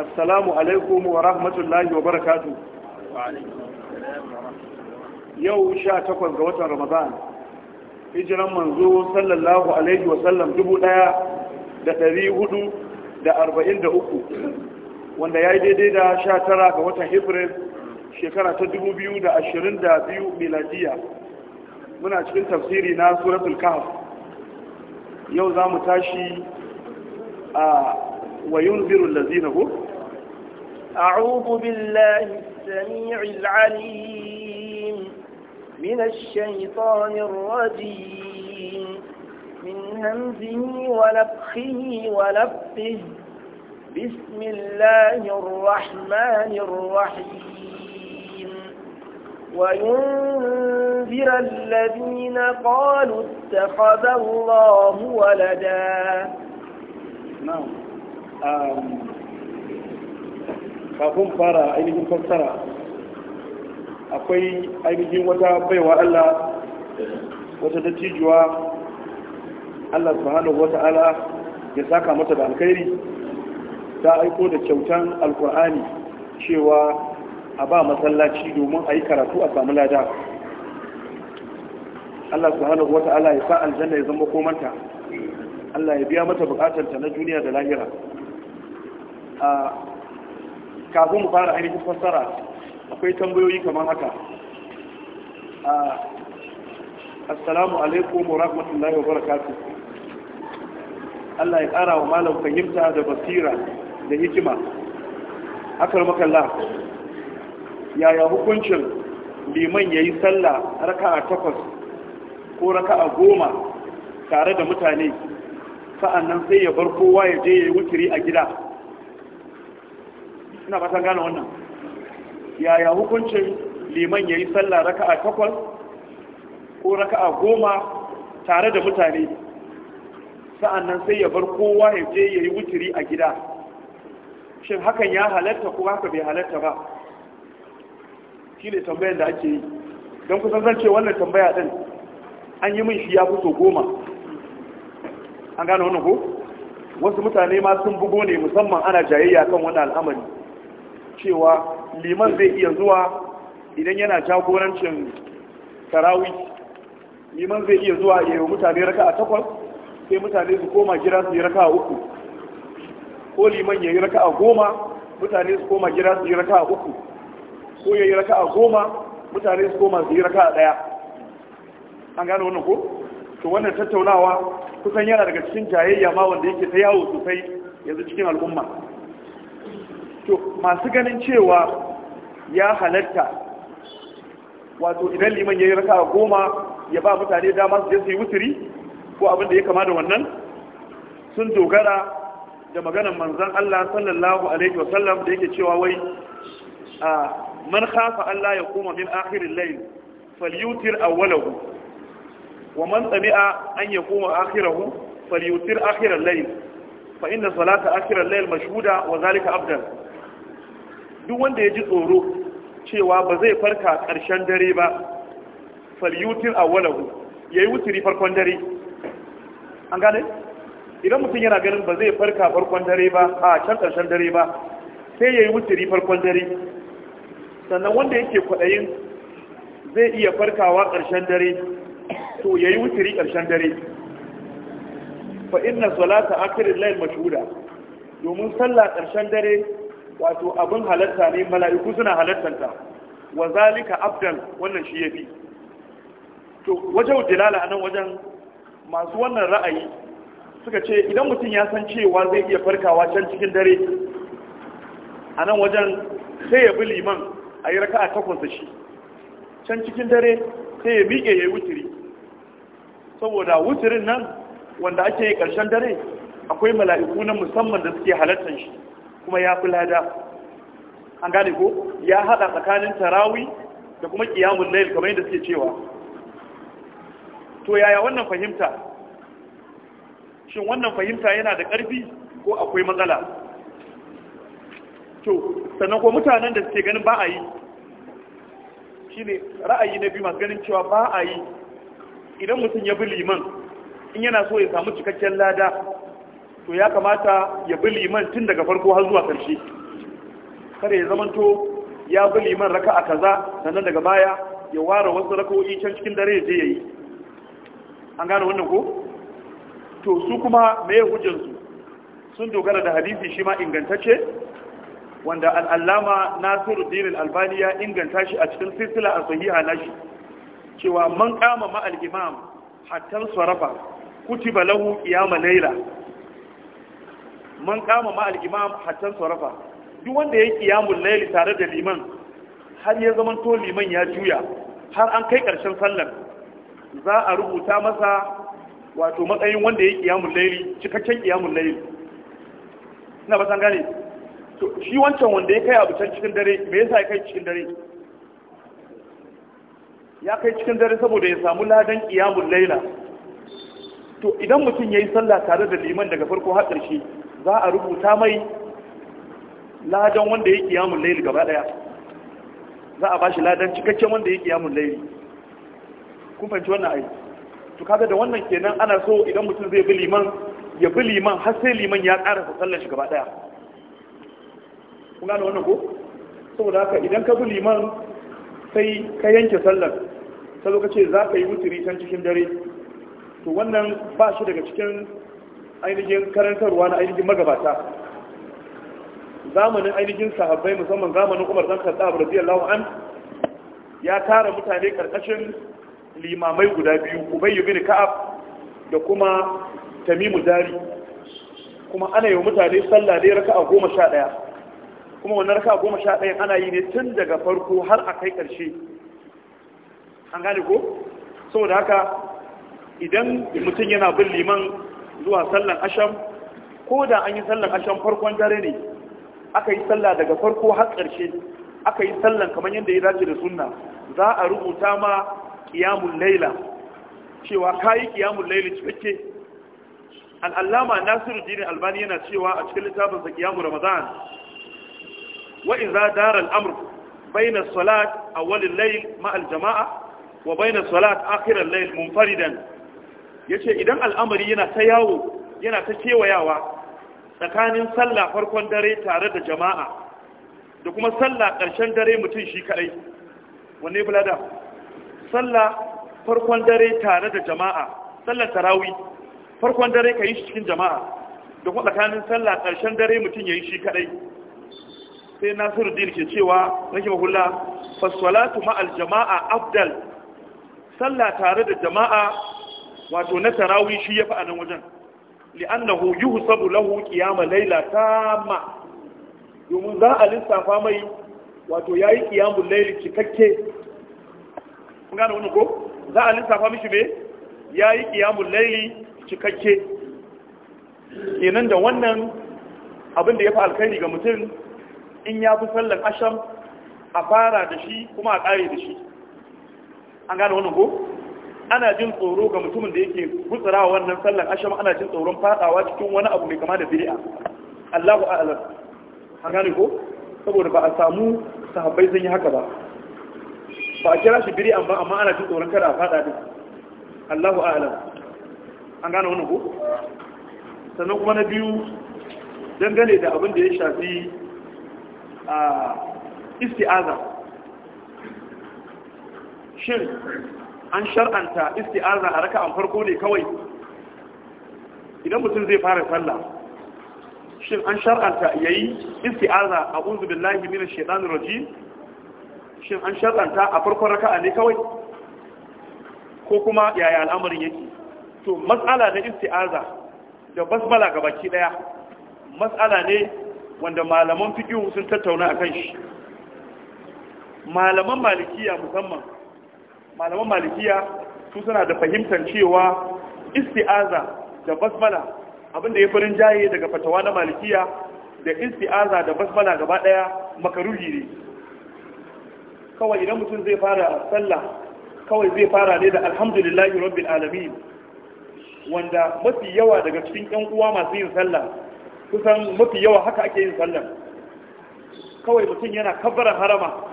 assalamu alaikum wa rahmatullahi wa barakatu yau sha takwas ga watan ramadan hijiran manzo sallallahu alaihi wa sallam dubu daya da dari hudu da arba'in da uku wanda ya yi daidai da sha tara ga watan april shekara ta dubu biyu da ashirin da biyu miladiya muna cikin tafsiri na suratul kahf yau za mu tashi a wayun zirun lazina ko? أعوذ بالله السميع العليم من الشيطان الرجيم من همزه ولفخه ولفه بسم الله الرحمن الرحيم وينذر الذين قالوا اتخذ الله ولدا نعم no. um. kafin fara ainihin fassara akwai ainihin wata baiwa Allah wata dattijuwa Allah subhanahu wata'ala ya saka mata da alkhairi ta aiko da kyautan alkur'ani cewa a ba masallaci domin a yi karatu a samu lada Allah subhanahu wata'ala ya sa aljanna ya zama komanta Allah ya biya mata bukatarta na duniya da lahira a kafin mu fara ainihin fassara akwai tambayoyi kamar haka assalamu alaikum wa rahmatullahi wa barakatuh Allah ya ƙara wa malam fahimta da basira da hikima akar makalla yaya hukuncin liman ya yi sallah raka'a takwas ko raka'a goma tare da mutane sa'annan sai ya bar kowa ya je ya yi wuturi a gida suna ba san gane wannan yaya hukuncin liman ya yi sallah raka'a takwas ko raka'a goma tare da mutane sa'annan sai ya bar kowa ya je ya yi wuturi a gida shin hakan ya halatta ko haka bai halatta ba shi ne tambayar da ake yi don kusan zance wannan tambaya din an yi min shi ya fito goma an gane wannan ko wasu mutane ma sun bugo ne musamman ana jayayya kan wani al'amari cewa liman zai iya zuwa idan yana jagorancin tarawi liman zai iya zuwa yayin mutane raka a takwas sai mutane su koma gida su yi raka a uku ko liman ya yi raka a goma mutane su koma gida su yi raka a uku ko ya yi raka a goma mutane su koma su yi raka a ɗaya an gano wannan ko to wannan tattaunawa kusan yana daga cikin jayayya ma wanda yake ta yawo sosai yanzu cikin al'umma to masu ganin cewa ya halatta wato idan liman ya yi raka goma ya ba mutane dama su je su yi wuturi ko abin da ya kama da wannan sun dogara da maganar manzan Allah sallallahu alaihi sallam. da yake cewa wai a man khafa Allah ya koma min akhirin layl falyutir awwalahu wa man sami'a an koma akhirahu falyutir akhiral layl fa inna salata akhiral layl mashhuda wa zalika afdal duk wanda ya ji tsoro cewa ba zai farka ƙarshen dare ba falyutin ya yi wuturi farkon dare an gane idan mutum yana ganin ba zai farka farkon dare ba a can ƙarshen dare ba sai ya yi wuturi farkon dare sannan wanda yake kwaɗayin zai iya farkawa ƙarshen dare to ya yi wuturi ƙarshen dare fa inna salata akhiril layl mashuda domin sallah ƙarshen dare wato abin halatta ne mala'iku suna halattanta wa zalika abdan wannan shi yafi to wajen dilala anan wajen masu wannan ra'ayi suka ce idan mutum ya san cewa zai iya farkawa can cikin dare a wajen sai ya bi liman a yi raka a takwasa shi can cikin dare sai ya miƙe ya yi wuturi saboda wuturin nan wanda ake yi ƙarshen dare akwai mala'iku na musamman da suke halartar shi kuma ya fi lada an gane ko ya haɗa tsakanin tarawi da kuma ƙiyamun lail kamar yadda suke cewa to yaya wannan fahimta shin wannan fahimta yana da ƙarfi ko akwai matsala to sannan ko mutanen da suke ganin ba a yi shi ne ra'ayi na biyu masu ganin cewa ba a yi idan mutum ya bi liman in yana so ya samu cikakken lada to ya kamata ya bi liman tun daga farko har zuwa ƙarshe kada ya zamanto ya bi liman raka a kaza sannan daga baya ya ware wasu raka'o'i can cikin dare ya je ya yi an gane wannan ko to su kuma me hujjansu sun dogara da hadisi shi ma ingantacce wanda al'allama nasiru dirin albani ya inganta shi a cikin sisila a sahiha na shi cewa man kama ma'al imam hatta sarafa kutiba lahu qiyama laila man kama ma al-imam hatan sarafa duk wanda ya qiyamul layli tare da liman har ya zaman to liman ya juya har an kai karshen sallar za a rubuta masa wato matsayin wanda ya qiyamul layli cikakken qiyamul layli ina ba san gane to shi wancan wanda ya kai abu can cikin dare me yasa ya kai cikin dare ya kai cikin dare saboda ya samu ladan qiyamul layla to idan mutum ya yi sallah tare da liman daga farko har ƙarshe za a rubuta mai ladan wanda ya kiyamun laili gaba daya za a bashi ladan cikakken wanda ya kiyamun laili kun fahimci wannan ayi. to kaga da wannan kenan ana so idan mutum zai bi liman ya bi liman har sai liman ya ƙara sallar shi gaba daya kun gane wannan ko saboda haka idan ka bi liman sai ka yanke sallar sai lokaci za ka yi wuturi can cikin dare to wannan ba shi daga cikin ainihin karantarwa na ainihin magabata zamanin ainihin sahabbai musamman zamanin umar dan khattab radiyallahu an ya tara mutane karkashin limamai guda biyu ubay ibn ka'ab da kuma tamimu dari kuma ana yi mutane sallah raka raka'a goma sha ɗaya kuma wannan raka'a goma sha ɗaya ana yi ne tun daga farko har a kai ƙarshe an gane ko saboda haka idan mutum yana bin liman zuwa sallan asham ko da an yi sallan asham farkon dare ne aka yi salla daga farko har ƙarshe aka yi sallan kamar yadda ya dace da sunna za a rubuta ma kiyamun laila cewa ka yi kiyamun laila cikakke al'allama nasiru dini albani yana cewa a cikin littafinsa kiyamun ramadan wa in za dara al'amur bainar salat a walin lail ma'al jama'a wa baina salat akirar lail munfaridan yace idan al'amari yana ta yawo yana ta kewayawa tsakanin sallah farkon dare tare da jama'a da kuma sallah ƙarshen dare mutum shi kadai wanne bulada sallah farkon dare tare da jama'a sallah tarawi farkon dare ka yi shi cikin jama'a da kuma tsakanin sallah ƙarshen dare mutum ya yi shi kadai sai nasiru din ke cewa nake mahulla fasolatu ma'al jama'a abdal sallah tare da jama'a wato na tarawi shi ya fi a nan wajen li'annahu sabu lahu qiyama layla tamma domin za a lissafa mai wato yi kiyamun layli cikakke kun gane wannan ko za a lissafa mishi me yi kiyamun layli cikakke kenan da wannan abin da ya fi alkhairi ga mutum in ya fi sallar asham a fara da shi kuma a ƙare da shi an gane wannan ko ana jin tsoro ga mutumin da yake gutsara wannan sallan asham ana jin tsoron fadawa cikin wani abu mai kama da bid'a Allahu a'lam an gane ko saboda ba a samu sahabbai sun yi haka ba ba a kira shi bid'a ba amma ana jin tsoron kada a fada din Allahu a'lam an gane wannan ko sannan kuma na biyu dangane da abin da ya shafi a ah, isti'aza shin an shar'anta isti'aza a an farko ne kawai idan mutum zai fara sallah shin an shar'anta yayi isti'aza a unzu billahi minash shaitanir rajim shin an shar'anta a farkon raka'a ne kawai ko kuma yaya al'amarin yake to matsala na isti'aza da basmala baki daya matsala ne wanda malaman fiqh sun tattauna akan shi malaman malikiya musamman malaman malikiya su suna da fahimtar cewa isti'aza da basmala da ya farin jaye daga fatawa na malikiya da isti'aza da basmala gaba daya makaruhi ne kawai idan mutum zai fara sallah kawai zai fara ne da alhamdulillahi rabbil alamin wanda mafi yawa daga cikin yan uwa masu yin sallah kusan mafi yawa haka ake yin sallah kawai mutum yana kabbara harama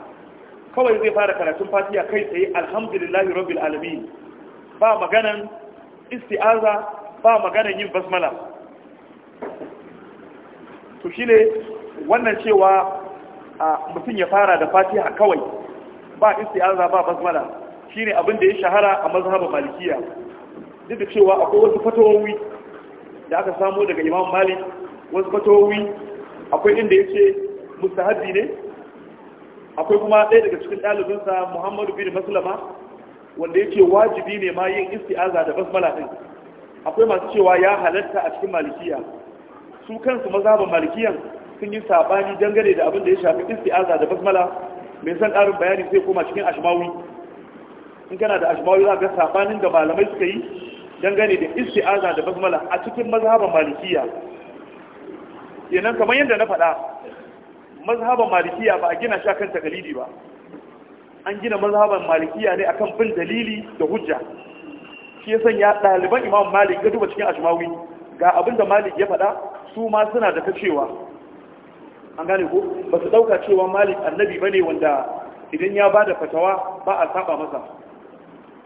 kawai zai fara karatun fatiya kai tsaye alhamdulillahi rabbil alamin ba maganan isti'aza ba maganan yin basmala to shine wannan cewa mutum ya fara da fatiha kawai ba isti'aza ba basmala shine abin da ya shahara a mazhabin malikiya duk da cewa akwai wasu fatawowi da aka samu daga imam malik wasu fatawowi akwai inda yace ce mustahabbi ne akwai kuma ɗaya daga cikin ɗalibinsa muhammadu bin maslama wanda yake wajibi ne ma yin isti'aza da basmala ɗin akwai masu cewa ya halatta a cikin malikiya su kansu mazhaban malikiyan sun yi saɓani dangane da abin da ya shafi isti'aza da basmala mai san ƙarin bayani sai koma cikin ashmawi in kana da ashmawi za ga sabanin da malamai suka yi dangane da isti'aza da basmala a cikin mazhaban malikiya kenan kamar yadda na faɗa mazhaban malikiya ba a gina shi akan takalidi ba an gina mazhaban malikiya ne akan bin dalili da hujja shi ya sanya ɗaliban imam malik ga duba cikin ajmawi ga abin malik ya faɗa su ma suna da ta an gane ko ba su ɗauka cewa malik annabi ba ne wanda idan ya ba da fatawa ba a saba masa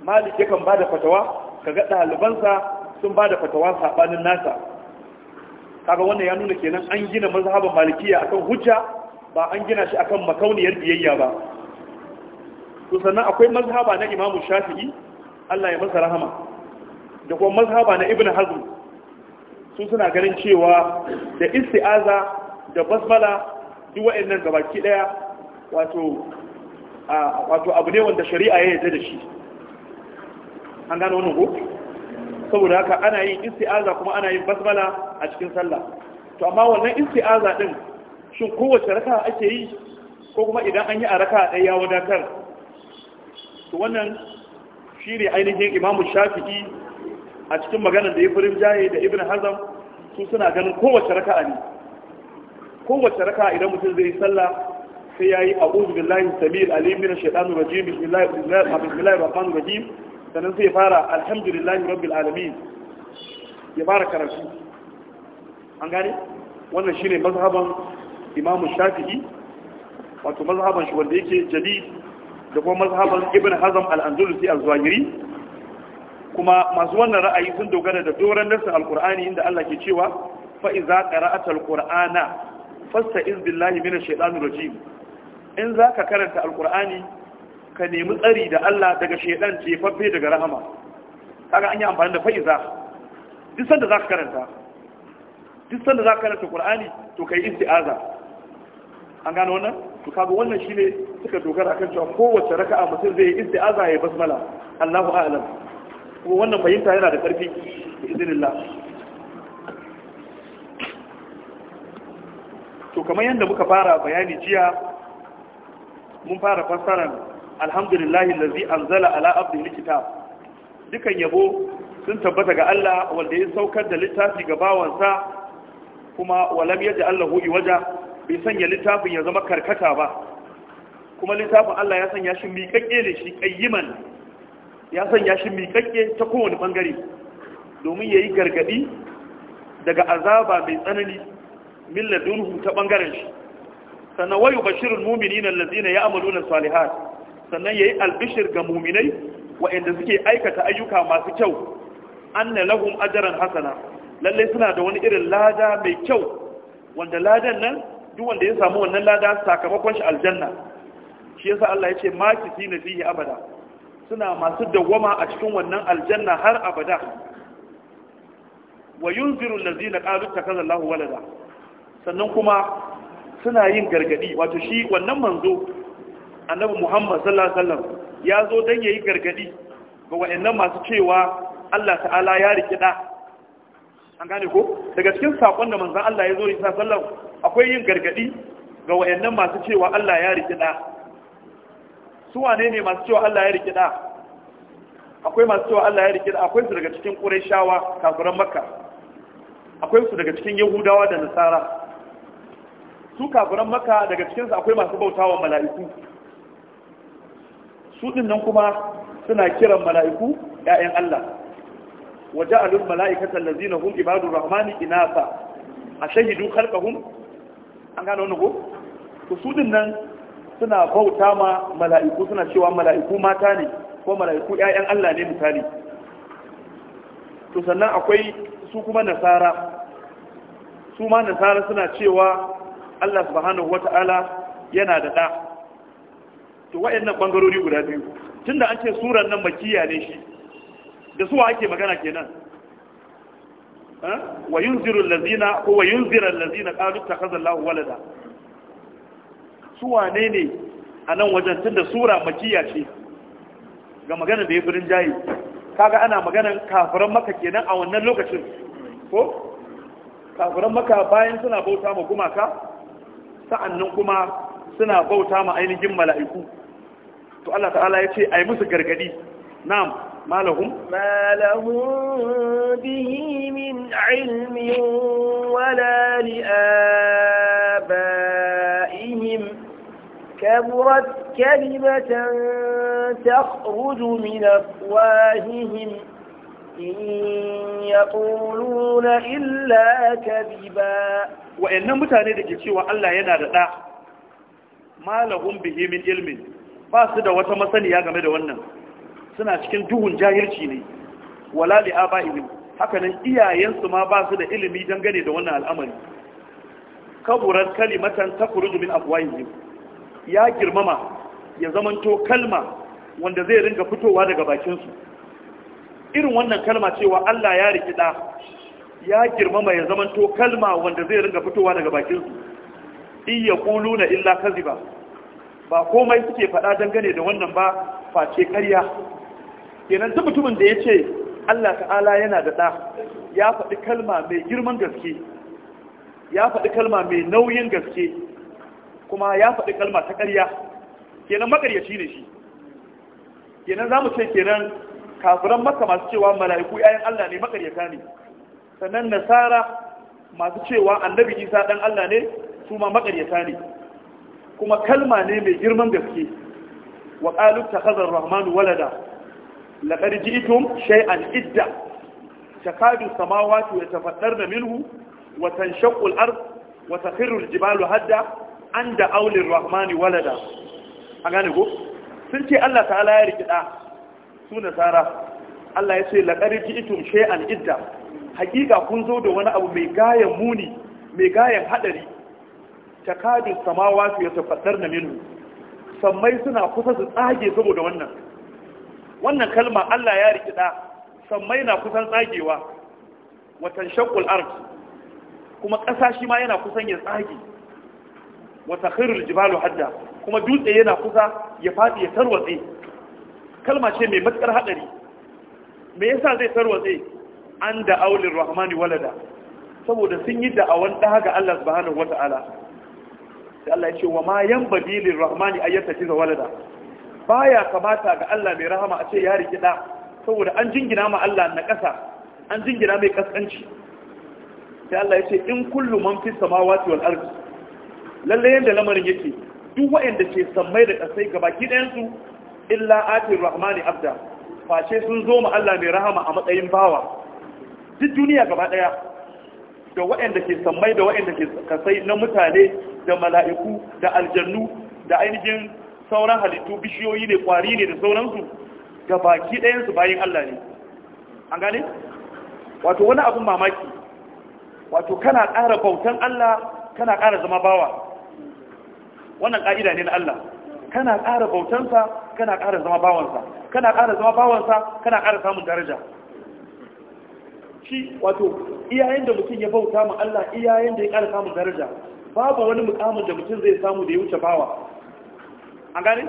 malik yakan ba da fatawa kaga ɗalibansa sun ba da fatawa sabanin nasa kaga wannan ya nuna kenan an gina mazhaban malikiya akan hujja ba an gina shi akan makauniyar biyayya ba to sannan akwai mazhaba na imamu shafi'i Allah ya masa rahama da kuma mazhaba na ibn hazm su suna ganin cewa da isti'aza da basmala duk wa'annan gabaki daya wato wato abu ne wanda shari'a ya yarda da shi an gano wannan ko saboda haka ana yin isti'aza kuma ana yin basmala a cikin sallah to amma wannan isti'aza din shin kowace raka ake yi ko kuma idan an yi a raka ɗaya ya wadatar to wannan shi ne ainihin imamu shafi'i a cikin maganar da ya fi jaye da ibn hazam su suna ganin kowace raka ne kowace raka idan mutum zai yi sallah sai ya yi a'udhu billahi samir alim min shaitanir rajim bismillahir rahmanir rahim sannan sai ya fara alhamdulillahi rabbil alamin ya fara karatu an gane wannan shine mazhaban imamu shafi'i wato mazhaban shi wanda yake jadi da kuma mazhaban ibn hazam al-andalusi al-zawahiri kuma masu wannan ra'ayi sun dogara da doran al alqur'ani inda Allah ke cewa fa iza qara'atal qur'ana fasta'iz billahi minash shaitanir rajim in zaka karanta alqur'ani ka nemi tsari da Allah daga shaitan jefaffe daga rahama kaga an yi amfani da fa iza duk sanda zaka karanta duk sanda zaka karanta qur'ani to kai isti'aza an gano wannan to kaga wannan shine suka dogara kan cewa kowace raka'a mutum zai yi isti'aza ya basmala Allahu a'lam kuma wannan fahimta yana da ƙarfi bi idinillah to kamar yadda muka fara bayani jiya mun fara fassara, alhamdulillahi lazi anzala ala abdihi kitab dukan yabo sun tabbata ga Allah wanda ya saukar da littafi ga bawansa kuma walam yaj'al lahu iwaja bai sanya littafin ya zama karkata ba kuma littafin Allah ya sanya shi miƙaƙƙe ne shi ƙayyiman ya sanya shi miƙaƙƙe ta kowane ɓangare domin ya yi gargaɗi daga azaba mai tsanani min ladunhu ta ɓangaren shi sannan wayu bashirin mumini na lazina ya amalu na salihar sannan ya yi albishir ga muminai waɗanda suke aikata ayyuka masu kyau an na lahum ajaran hasana lallai suna da wani irin lada mai kyau wanda ladan nan duk wanda ya samu wannan lada sakamakon shi aljanna shi yasa Allah ya ce ma ki na fihi abada suna masu dawwama a cikin wannan aljanna har abada wa yunziru allazina qalu takaza Allahu walada sannan kuma suna yin gargadi wato shi wannan manzo annabi Muhammad sallallahu alaihi wasallam ya zo dan yayi gargadi ga wayannan masu cewa Allah ta'ala ya rikida an gane ko daga cikin sakon da manzon Allah ya zo yi sallallahu akwai yin gargadi ga wayannan masu cewa Allah ya riki da su wane ne masu cewa Allah ya riki da akwai masu cewa Allah ya riki da akwai su daga cikin Qurayshawa kafiran Makka akwai su daga cikin Yahudawa da Nasara su kafiran Makka daga cikin su akwai masu bautawa mala'iku su din nan kuma suna kiran mala'iku ‘ya'yan Allah, waje mala'ikata allazina hum hun ibadun rahmani inasa a khalqahum an gane wani ko to su din nan suna bauta ma mala'iku suna cewa mala'iku mata ne ko mala'iku ƴaƴan Allah ne misali to sannan akwai su kuma nasara su ma nasara suna cewa Allah subhanahu wata'ala yana da ɗa to wayannan ɓangarori guda biyu tunda an ce surar nan makiya ne shi da suwa ake magana kenan wa yunziru allazina ko wa yunzira allazina qalu takhadha Allahu walada su wane ne a nan wajen tunda sura makiya ce ga magana da ya furin jayi kaga ana maganan kafiran maka kenan a wannan lokacin ko kafiran maka bayan suna bauta ma gumaka sa'annan kuma suna bauta ma ainihin mala'iku to Allah ta'ala ya ce ai musu gargadi na'am ما لهم ما لهم به من علم ولا لآبائهم كبرت كلمة تخرج من أفواههم yaƙuluna illa kadiba wa'annan mutane da ke cewa Allah yana da ɗa malahun bihimin ilmin ba su da wata masaniya game da wannan suna cikin duhun jahilci ne wala li aba'ihim haka nan iyayensu ma ba su da ilimi dangane da wannan al'amari kaburar kalimatan takhruju min afwahihim ya girmama ya zamanto kalma wanda zai ringa fitowa daga bakin su irin wannan kalma cewa Allah ya riki da ya girmama ya zamanto kalma wanda zai ringa fitowa daga bakin su in yaquluna illa kaziba ba komai suke faɗa dangane da wannan ba face ƙarya kenan duk mutumin da ya ce Allah ta'ala yana da ɗa ya faɗi kalma mai girman gaske ya faɗi kalma mai nauyin gaske kuma ya faɗi kalma ta ƙarya kenan makaryaci ne shi kenan za mu ce kenan kafiran maka masu cewa mala'iku ‘ya'yan Allah ne makaryata ne sannan nasara masu cewa annabi isa ɗan Allah ne su ma makaryata ne kuma kalma ne mai girman gaske wa ƙalubta kazar rahmanu walada laqad ji'tum shay'an idda takadu samawati ya minhu wa tanshaqqu watan ard wa takhiru al-jibalu hadda an da aulin rahmani walada a gane ko sun ce Allah ta'ala ya rikida su nasara Allah ya ce laƙar shai an idda hakika kun zo da wani abu mai gayan muni mai gayan hadari takadin samawa su ya tafaddar na minu sammai suna kusa su tsage saboda wannan wannan kalma Allah ya rikida sammai na kusan tsagewa watan shakul ard kuma ƙasa shi ma yana kusan ya tsage wata khairul jibalu hadda kuma dutse yana kusa ya fadi ya tarwatse kalma ce mai matsar hadari me yasa zai tarwatse an da aulir rahmani walada saboda sun yi da'awan ɗaha ga Allah subhanahu wata'ala da Allah ya ce wa ma yan babilin rahmani ayyata walada baya kamata ga Allah mai rahama a ce ya riki da saboda an jingina ma Allah na ƙasa an jingina mai kaskanci sai Allah ya ce in kullu man fi samawati wal ardi lalle yanda lamarin yake duk waɗanda ke sammai da ƙasai gaba ɗayan su illa atir rahmani abda face sun zo ma Allah mai rahama a matsayin bawa duk duniya gaba ɗaya da waɗanda ke sammai da waɗanda ke kasai na mutane da mala'iku da aljannu da ainihin sauran halittu bishiyoyi ne kwari ne da sauransu ga baki ɗayansu bayan Allah ne an gane wato wani abin mamaki wato kana ƙara bautan Allah kana ƙara zama bawa wannan ƙa'ida ne na Allah kana ƙara bautansa kana ƙara zama bawansa kana ƙara zama bawansa kana ƙara samun daraja shi wato iyayen da mutum ya bauta ma Allah iyayen da ya ƙara samun daraja babu wani mukamin da mutum zai samu da ya wuce bawa an gane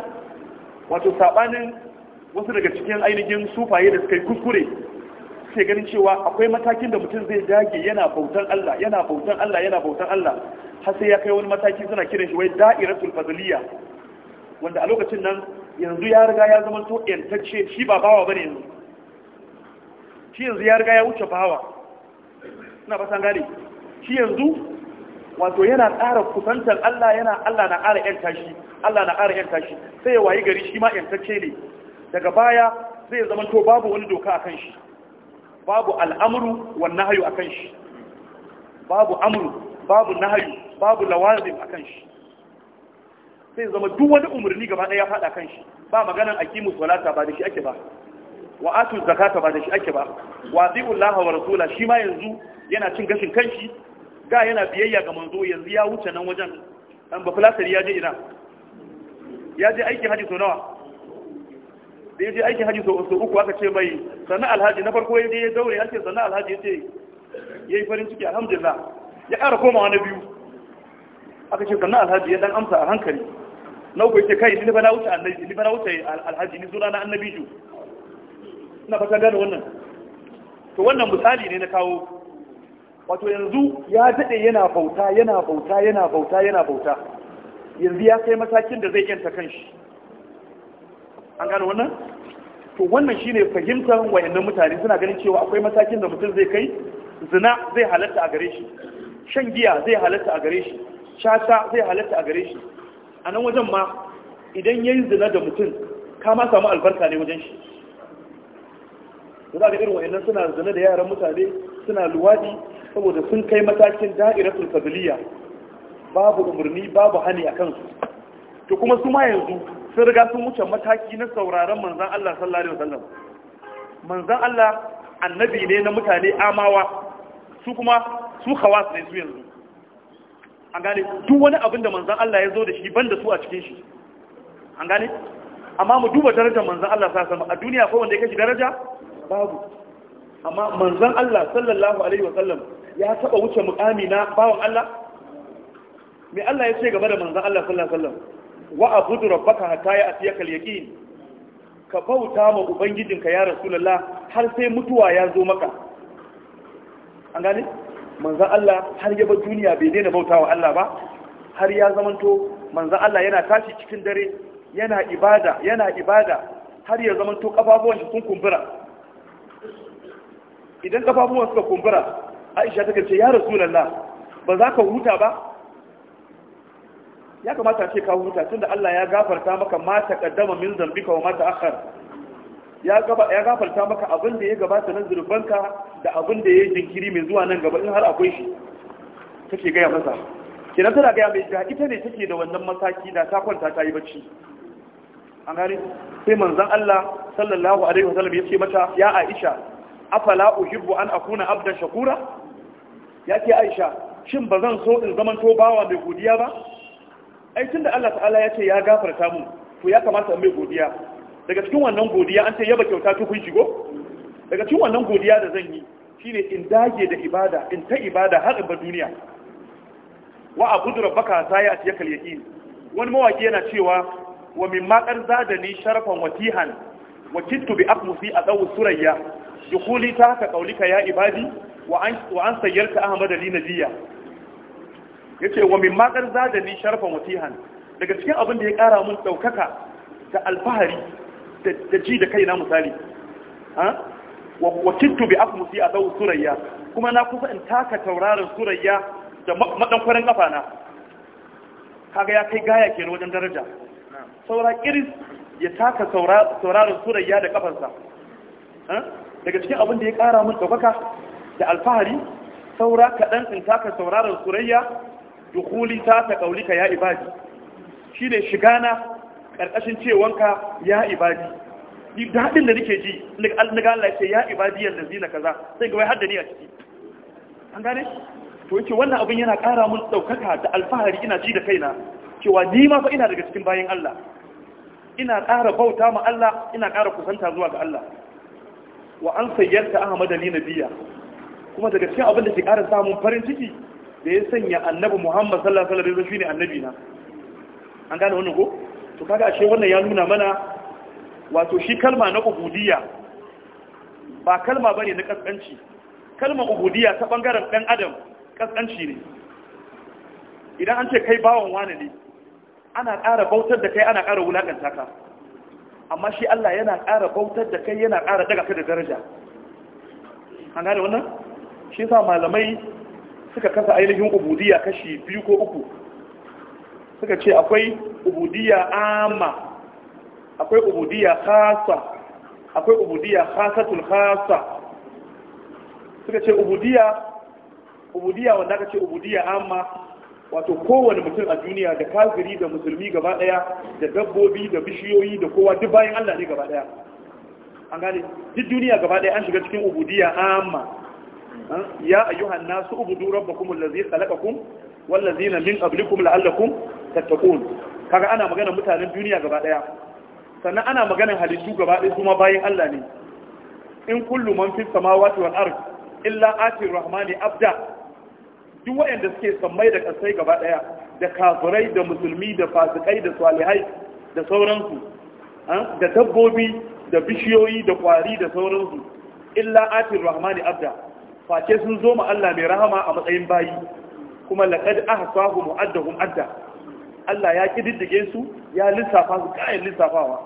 wato sabanin wasu daga cikin ainihin sufaye da suka yi kuskure suke ganin cewa akwai matakin da mutum zai dage yana bautan Allah yana bautan Allah yana bautan Allah har sai ya kai wani mataki suna kiran shi wai da'iratul fadliya wanda a lokacin nan yanzu ya riga ya zama to yantacce shi ba bawa bane yanzu shi yanzu ya riga ya wuce bawa ina ba san gane shi yanzu wato yana ƙara kusantar Allah yana Allah na ƙara yanta shi Allah na ƙara yanta shi sai ya wayi gari shi ma yantacce ne daga baya zai zama to babu wani doka a kan shi babu al'amuru wannan nahayu a kan shi babu amuru babu nahayu babu lawazin a kan shi sai zama duk wani umarni gaba ɗaya ya faɗa kan shi ba maganan aqimu salata ba da shi ake ba wa atu zakata ba da shi ake ba wa zi'u Allah wa rasula shi ma yanzu yana cin gashin kan shi. ga yana biyayya ga manzo yanzu ya wuce nan wajen an ba ya je ina ya je aikin haji sau nawa da ya je aikin haji sau uku aka ce mai sannan alhaji na farko ya je ya daure ya ce sannan alhaji ya ce ya yi farin ciki alhamdulillah ya ƙara komawa na biyu aka ce sannan alhaji ya dan amsa a hankali na uku ce kai ni fa na wuce annabi ni fa na wuce alhaji ni suna na annabi ju ina fata gane wannan to wannan misali ne na kawo wato yanzu ya daɗe yana bauta yana bauta yana bauta yana bauta yanzu ya kai matakin da zai yanta kanshi an gano wannan to wannan shine fahimtar wayannan mutane suna ganin cewa akwai matakin da mutum zai kai zina zai halatta a gare shi shan giya zai halatta a gare shi shata zai halatta a gare shi a nan wajen ma idan ya yi zina da mutum ka ma samu albarka ne wajen shi za ga irin wayannan suna zina da yaran mutane suna luwadi saboda sun kai matakin da'irar sulkabiliya babu umarni babu hani a kansu to kuma su ma yanzu sun riga sun wuce mataki na sauraron manzan Allah sallallahu alaihi wasallam manzan Allah annabi ne na mutane amawa su kuma su khawas ne su yanzu an gane duk wani abin da manzan Allah ya zo da shi banda su a cikin shi an gane amma mu duba darajar manzan Allah sallallahu alaihi wasallam a duniya ko wanda ya kashi daraja babu amma manzan Allah sallallahu alaihi wasallam ya taba wuce mukami na bawon Allah me Allah ya ce gaba da manzan Allah sallallahu alaihi wasallam wa abudu rabbaka hatta ya'tiyakal yaqin ka bauta ma ubangijinka ya rasulullah har sai mutuwa ya zo maka an gane manzan Allah har ya ba duniya bai daina bautawa Allah ba har ya zamanto manzan Allah yana tashi cikin dare yana ibada yana ibada har ya zamanto kafafuwan shi sun kumbura idan kafafuwan suka kumbura Aisha take ce ya rasulullah ba za ka huta ba ya kamata ce ka huta tunda Allah ya gafarta maka ma kaddama min zambika wa ma akhar ya gaba ya gafarta maka abin da ya gabata nan zurbanka da abin da ya jinkiri mai zuwa nan gaba in har akwai shi take gaya masa kenan tana gaya mai jiha ita ne take da wannan mataki da ta kwanta ta yi bacci an gani sai manzon Allah sallallahu alaihi wasallam ya ce mata ya Aisha afala uhibbu an akuna abdan shakura ya ce Aisha shin bazan so in zaman to bawa mai godiya ba ai tunda Allah ta'ala ya ce ya gafarta mu to ya kamata yi godiya daga cikin wannan godiya an ce yaba kyauta tukun shigo daga cikin wannan godiya da zan yi shine in dage da ibada in ta ibada har in ba duniya wa abudu rabbaka ta a atiyakal yaqin wani mawaki yana cewa wa min ma qad zadani sharafan watihan wa kittu bi aqmusi adaw surayya dukhuli ta ka qaulika ya ibadi wa an wa an sayyarta ahmad yace wa min zada ni sharfa mutihan daga cikin abin da ya kara mun daukaka da alfahari da ji da kaina misali ha wa kintu bi akmusi a dawu surayya kuma na kusa in taka tauraron surayya da madankwarin kafa na kaga ya kai gaya ke wajen daraja saura kiris ya taka tauraron surayya da kafansa daga cikin abin da ya kara mun daukaka da alfahari saura kaɗan in taka tauraron surayya dukuli ta ta kaulika ya ibadi Shi shine shigana karkashin cewanka ya ibadi ni daɗin da nake ji ga Allah ya ce ya ibadi yadda allazina kaza sai gaba ya ni a ciki an gane to yake wannan abin yana ƙara mun ɗaukaka da alfahari ina ji da kaina cewa ni ma fa ina daga cikin bayan Allah ina ƙara bauta ma Allah ina ƙara kusanta zuwa ga Allah wa an sayyarta Ahmad na biya. kuma daga cikin abin da ke ƙara samun farin ciki da ya sanya annabi Muhammad sallallahu alaihi wasallam shine annabi na an gane wannan ko to kaga ashe wannan ya nuna mana wato shi kalma na ubudiyya ba kalma bane na kaskanci kalma ubudiyya ta bangaren dan adam kaskanci ne idan an ce kai bawan wani ne ana ƙara bautar da kai ana ƙara wulakanta ka amma shi Allah yana ƙara bautar da kai yana ƙara daga ka da daraja an gane wannan shi sa malamai suka kasa ainihin ubudiya kashi biyu ko uku suka ce akwai ubudiya amma akwai ubudiya khasa akwai ubudiya khasatul khasa suka ce ubudiya, ubudiya wanda aka ce ubudiya amma wato kowane mutum a duniya da kafiri da musulmi gaba daya da dabbobi da bishiyoyi da kowa duk bayan Allah ne gaba daya an gane duk duniya gaba daya an shiga cikin ubudiya amma ya ayyuhan nasu ubudu rabbakum allazi khalaqakum wallazina min qablikum la'allakum tattaqun kaga ana magana mutanen duniya gaba daya sannan ana maganar halittu gaba daya kuma bayan Allah ne in kullu man fis samawati wal illa ati rahmani abda duk wayanda suke sammai da kasai gaba daya da kafirai da musulmi da fasikai da salihai da sauransu da dabbobi da bishiyoyi da kwari da sauransu illa ati rahmani abda face sun zo ma Allah mai rahama a matsayin bayi kuma laqad ahsahu mu'addahum adda Allah ya kididdige su ya lissafa su kai lissafawa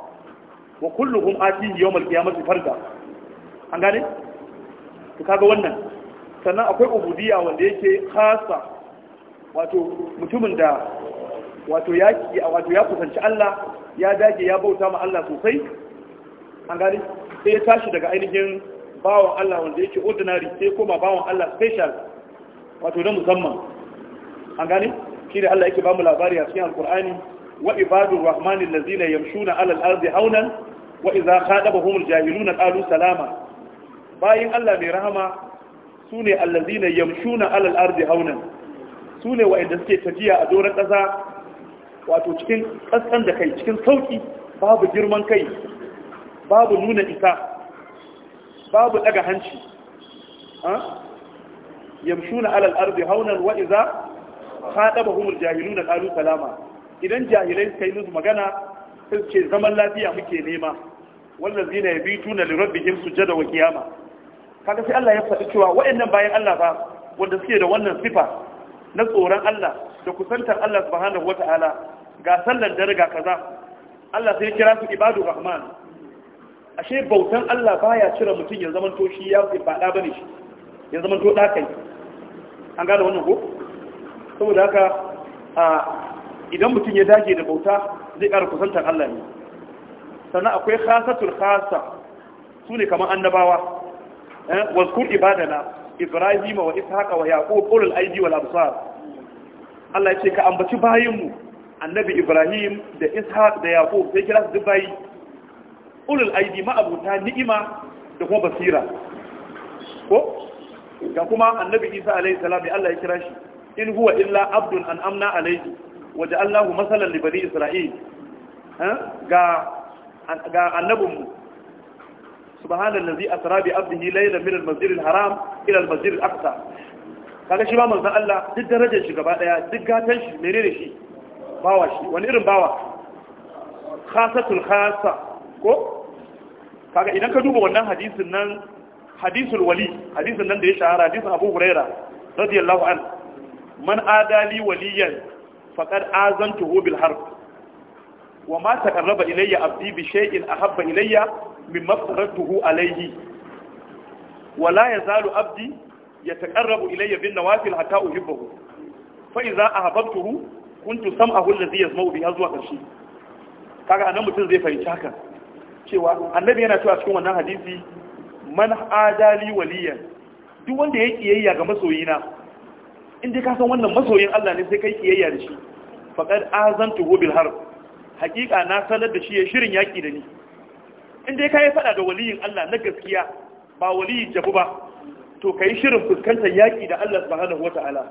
wa kulluhum atin yawmal qiyamati farda an gane to kaga wannan sannan akwai ubudiyya wanda yake khasa wato mutumin da wato ya wato ya kusanci Allah ya dage ya bauta ma Allah sosai an gane sai ya tashi daga ainihin bawan Allah wanda yake ordinary sai kuma bawan Allah special wato na musamman an gane shi da Allah yake ba mu labari a cikin alkur'ani wa ibadur rahmanil ladzina yamshuna alal ardi haunan wa idza khadabahumul jahiluna qalu salama bayin Allah mai rahama sune allazina yamshuna alal ardi haunan sune wa'anda suke tafiya a doron kasa wato cikin kaskan da kai cikin sauki babu girman kai babu nuna isa babu daga hanci yamshuna alal ardi haunan wa idza jahilu jahiluna qalu salama idan jahilai suka yi musu magana sai ce zaman lafiya muke nema na yabituna li rabbihim sujada wa qiyama kaga sai Allah ya faɗi cewa waɗannan bayan Allah ba wanda suke da wannan sifa na tsoron Allah da kusantar Allah subhanahu wataala ga sallar dare ga kaza Allah sai ya kira su ibadu rahman ashe bautan Allah baya cire mutum ya zama to shi ya fi fada bane shi ya zama to dakai an gane wannan ko saboda haka idan mutum ya dage da bauta zai kara kusantar Allah ne sannan akwai khasatul khasa su ne kamar annabawa eh, wazkur ibadana ibrahim wa ishaqa wa yaqub ulul aidi wal absar Allah ya ce ka ambaci bayinmu annabi ibrahim da ishaq da yaqub sai kira su bayi ulul aidi ma'abuta ni'ima da kuma basira ko ga kuma annabi isa alayhi salam ne Allah ya kira shi in huwa illa abdun an amna alaihi waje Allahu masalan li bani isra'il ga ga annabin subhanallazi asra bi abdihi laylan min al-masjid al-haram ila al-masjid al-aqsa kaga shi ba manzon Allah duk darajar shi gaba daya duk gatan shi menene shi bawa shi wani irin bawa khasatul khasa ko kaga idan ka duba wannan hadisin nan hadisul wali hadisin nan da ya shahara hadisin abu huraira radiyallahu an man adali waliyan faqad azantuhu bil harb wa ma taqarraba ilayya abdi bi shay'in ahabba ilayya mimma faratuhu alayhi wa la yazalu abdi yataqarrabu ilayya bin nawafil hatta uhibbahu fa idza ahabbtuhu kuntu sam'ahu alladhi yasma'u bihi azwa kashi kaga anan mutum zai fahimci hakan cewa annabi yana cewa cikin wannan hadisi man adali waliyan duk wanda ya kiyayya ga masoyina in dai ka san wannan masoyin Allah ne sai kai kiyayya da shi faqad hu bil harb hakika na sanar da shi ya shirin yaki da ni in dai kai fada da waliyin Allah na gaskiya ba waliyi jabu ba to kai shirin fuskantar yaki da Allah subhanahu wataala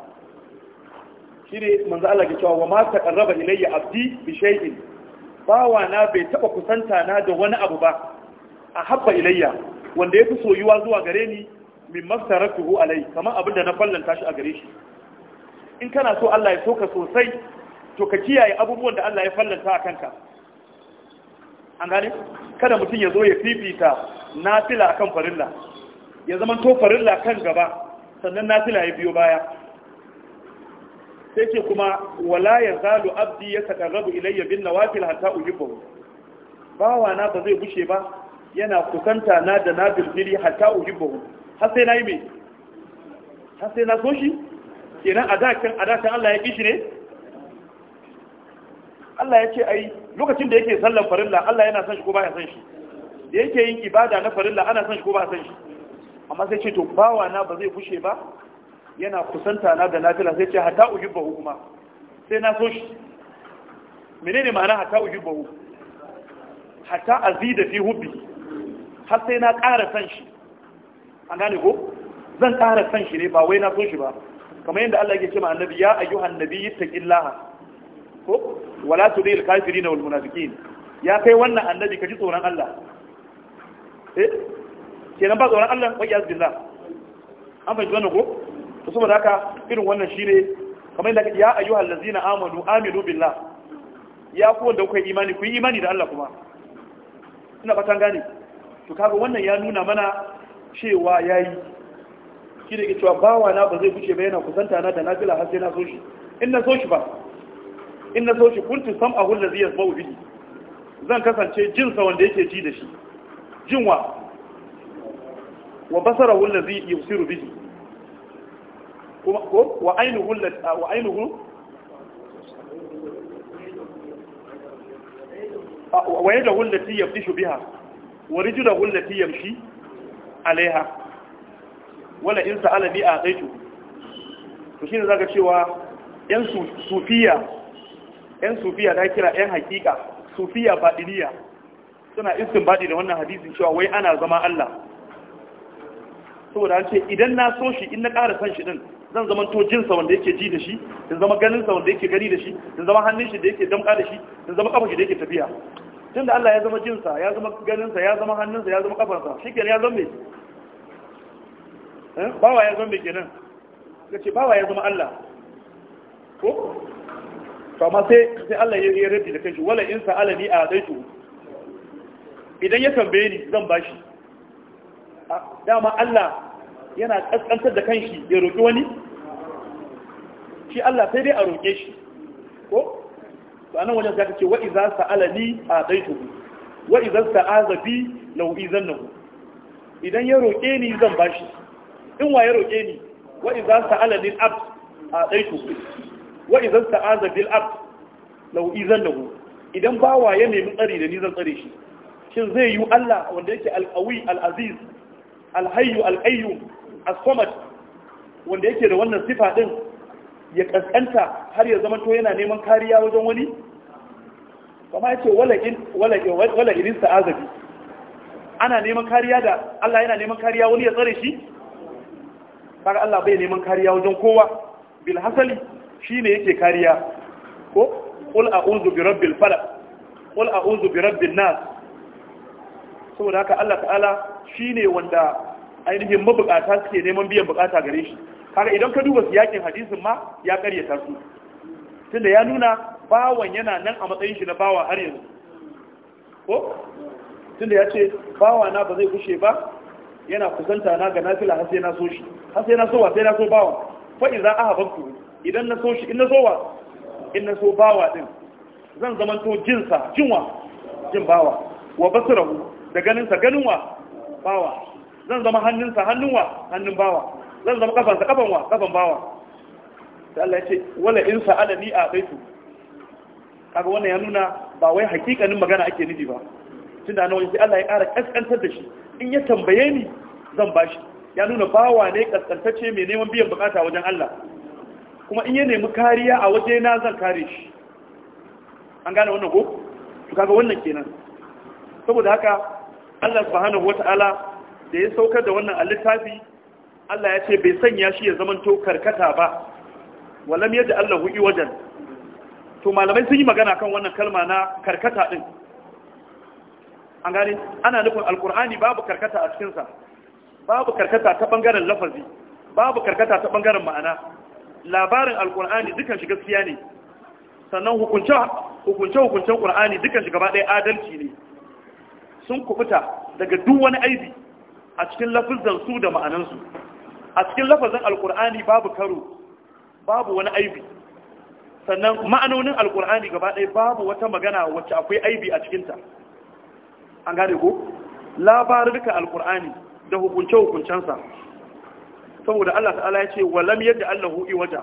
shine manzo Allah ke cewa wa ma taqarraba ilayya abdi bi shay'in bawa na bai taba kusanta na da wani abu ba a habba ilayya wanda ya fi soyuwa zuwa gare ni min maftaratuhu alai kamar abin da na fallanta shi a gare shi in kana so Allah ya soka sosai to ka kiyaye abubuwan da Allah ya fallanta a kanka an gane kada mutum ya zo ya fifita nafila akan farilla ya zama to farilla kan gaba sannan nafila ya biyo baya sai ce kuma wala ya zalu abdi ya taqarrabu ilayya bin nawafil hatta uhibbu bawa na ba zai bushe ba yana kusanta na da na bilbili hatta uhibbu har sai nayi me har sai na so shi kenan adakan adakan Allah ya kishi ne Allah ya ce ai lokacin da yake sallan farilla Allah yana son shi ko ya son shi da yake yin ibada na farilla ana son shi ko ba son shi amma sai ce to bawa na ba zai bushe ba yana kusanta na da nafila sai ce uji bahu kuma sai na so shi menene ma'ana hatta ujibbahu hatta azida fi hubbi har sai na ƙara san shi an gane ko zan ƙara san shi ne ba wai na so shi ba kamar yadda Allah yake ce ma annabi ya ayyuhan nabiyyi taqillaha ko wala tudil kafirina wal munafiqin ya kai wannan annabi ka ji tsoron Allah eh kenan ba tsoron Allah wa iyaz billah an fahimci wannan ko to saboda haka irin wannan shine kamar yadda ya ayyuhal ladzina amanu aminu billah ya ku wanda kuka imani ku yi imani da Allah kuma ina fatan gane to kaga wannan ya nuna mana cewa yayi shi da ke cewa bawa na ba zai wuce ba yana kusanta na da nafila har sai na so shi in na so shi ba in na so shi kuntu sam a hulla bihi zan kasance jin sa wanda yake ji da shi jinwa wa basara hulla zai yusiru bihi kuma ko wa ainihu wa ainihu wa yada hullati yabdishu biha wa rijula hullati yamshi alaiha wala in sa'ala bi aqaitu to shine zaka cewa yan sufiya yan sufiya da kira yan hakika sufiya badiliya suna istinbadi da wannan hadisin cewa wai ana zama Allah saboda an ce idan na so shi in na ƙara san shi din zan zama to jinsa wanda yake ji da shi in zama ganinsa wanda yake gani da shi in zama hannun shi da yake damƙa da shi in zama ƙafa shi da yake tafiya tunda Allah ya zama jinsa ya zama ganinsa ya zama hannunsa ya zama ƙafarsa shi kenan ya zama mai eh? bawa ya zama mai kenan kace ce bawa ya zama Allah ko amma sai sai Allah ya yi rabi da kanshi wala in sa'ala ni a daitu idan ya tambaye ni zan bashi dama Allah yana ƙasƙantar da kanshi ya roƙi wani shi Allah sai dai a roƙe shi ko ba nan wajen zaka ce wa'iza wa idza sa'alani adaituhu wa idza sa'aza bi law izannahu idan ya roƙe ni zan bashi in wa ya roƙe ni wa'iza idza sa'alani al a adaituhu wa idza sa'aza bil abd law izannahu idan ba wa ya nemi tsari da ni zan tsare shi shin zai yi Allah wanda yake al-qawi al-aziz al-hayyu al-qayyum as-samad wanda yake da wannan sifa din ya kaskanta har ya zama to yana neman kariya wajen wani kuma ya ce in wala wala irin sa'azabi ana neman kariya da Allah yana neman kariya wani ya tsare shi kaga Allah bai neman kariya wajen kowa bil hasali shine yake kariya ko qul a'udhu bi rabbil falaq qul a'udhu bi rabbin nas saboda haka Allah ta'ala shine wanda ainihin mabukata suke neman biyan bukata gare shi kaga idan ka duba siyakin hadisin ma ya karyata su tunda ya nuna bawan yana nan a matsayin shi na bawa har yanzu ko tunda ya ce bawa na ba zai kushe ba yana kusanta na ga nafila har sai na so shi har sai na so wa sai na so bawa fa za a idan na so shi in na so wa in na so bawa din zan zamanto jinsa jinwa jin bawa wa basirahu da ganinsa ganin wa bawa zan zama hannunsa hannun wa hannun bawa zan zama kafansa kafan wa kafan bawa sai Allah ya ce wala in sa'ala ni a baitu kaga wannan ya nuna ba wai hakikanin magana ake nufi ba tunda nan wani sai Allah ya ƙara kaskantar da shi in ya tambaye ni zan bashi ya nuna bawa ne kaskantacce mai neman biyan bukata wajen Allah kuma in ya nemi kariya a waje na zan kare shi an gane wannan ko kaga wannan kenan saboda haka Allah subhanahu wataala da ya saukar da wannan alittafi Allah ya ce bai sanya shi ya zamanto karkata ba walam yadda Allah hu'i wajen to malamai sun yi magana kan wannan kalma na karkata din an gane ana nufin alkur'ani babu karkata a cikinsa babu karkata ta ɓangaren lafazi babu karkata ta ɓangaren ma'ana labarin alkur'ani dukan shi gaskiya ne sannan hukunce-hukuncen ƙur'ani dukan shi gaba ɗaya adalci ne sun kubuta daga duk wani aibi a cikin lafazan su da ma'anansu a cikin lafazan alkur'ani babu karo babu wani aibi sannan ma'anonin alkur'ani gaba ɗaya babu wata magana wacce akwai aibi a cikinta an gane ko labarurka alkur'ani da hukunce-hukuncensa saboda Allah ta'ala ya ce walam yadda Allahu iwaja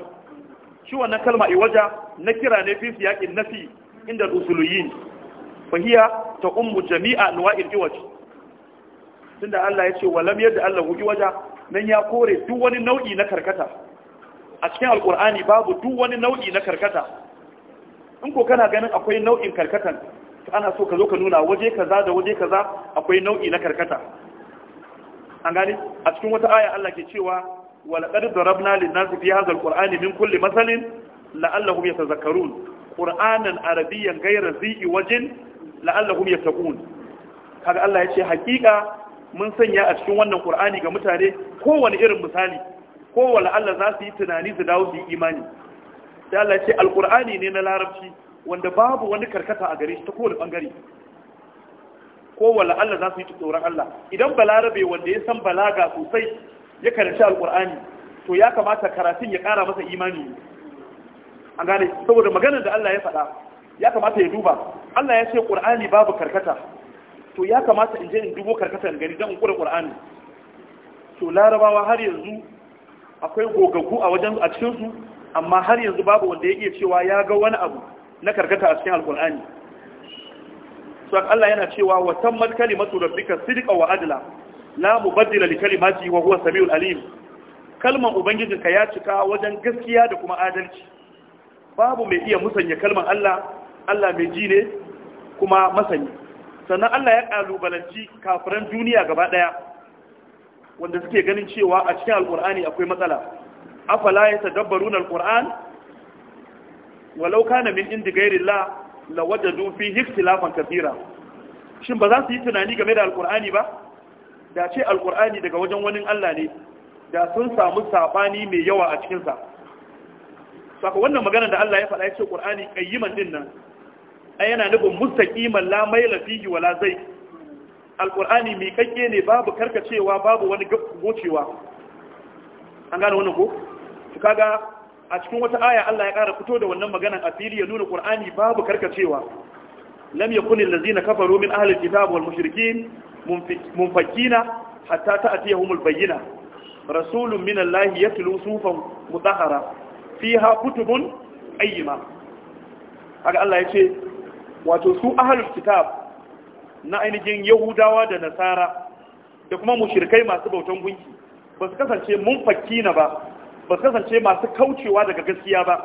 shi wannan kalma iwaja na kira ne fi siyaqin nafi inda usuluyin fahiya hiya ta ummu jami'a anwa'il iwaji tunda Allah ya ce walam da Allah huji waja nan ya kore duk wani nau'i na karkata a cikin alkur'ani babu duk wani nau'i na karkata in ko kana ganin akwai nau'in karkatan ana so ka zo ka nuna waje kaza da waje kaza akwai nau'i na karkata an gani a cikin wata aya Allah ke cewa walaqad darabna lin-nasi fi hadha al-qur'ani min kulli masalin la'allahum yatazakkarun qur'anan arabiyyan ghayra zi'i wajin la'allahum yattaqun kaga Allah ya ce hakika mun sanya a cikin wannan qur'ani ga mutane kowane irin misali ko wala Allah za su yi tunani su dawo su yi imani da Allah ce Alƙur'ani ne na larabci wanda babu wani karkata a gare shi ta kowane bangare ko wala Allah za su yi tsoron Allah idan balarabe wanda ya san balaga sosai ya karanci Alƙur'ani, to ya kamata karatun ya kara masa imani an gane saboda maganar da Allah ya faɗa ya kamata ya duba Allah ya ce qur'ani babu karkata to ya kamata in je in dubo karkatar gani don in kura ƙur'ani to larabawa har yanzu akwai gogaggu a wajen a cikinsu amma har yanzu babu wanda ya iya cewa ya ga wani abu na karkata a cikin alƙur'ani so Allah yana cewa wa tammat kalimatu rabbika sidqa wa adla la mubaddila li kalimati wa huwa samiul alim kalman ka ya cika wajen gaskiya da kuma adalci babu mai iya musanya kalman Allah Allah mai ji ne kuma masani sannan Allah ya kalubalanci kafiran duniya gaba daya wanda suke ganin cewa a cikin alkur'ani akwai matsala afala ya tadabbaruna alkur'an walau kana min indi ghairillah lawajadu fihi ikhtilafan kathira shin ba za su yi tunani game da alkur'ani ba da ce alkur'ani daga wajen wani Allah ne da sun samu sabani mai yawa a cikinsa. sa saka wannan magana da Allah ya faɗa ya ce qur'ani qayyiman din nan ai yana nufin mustaqiman la maila fihi wala zai alqur'ani mi ne babu karkacewa babu wani gocewa an gane wannan ko to kaga a cikin wata aya Allah ya ƙara fito da wannan maganan a fili ya nuna qur'ani babu karkacewa lam yakun allazina kafaru min ahli kitab wal mushrikin munfakina hatta ta'tiyahum bayyina rasulun min Allah yatlu sufan mutahhara fiha kutubun ayyima haka Allah ya ce wato su ahlul kitab na ainihin yahudawa da nasara da kuma mushirkai masu bautan gunki ba su kasance na ba ba su kasance masu kaucewa daga gaskiya ba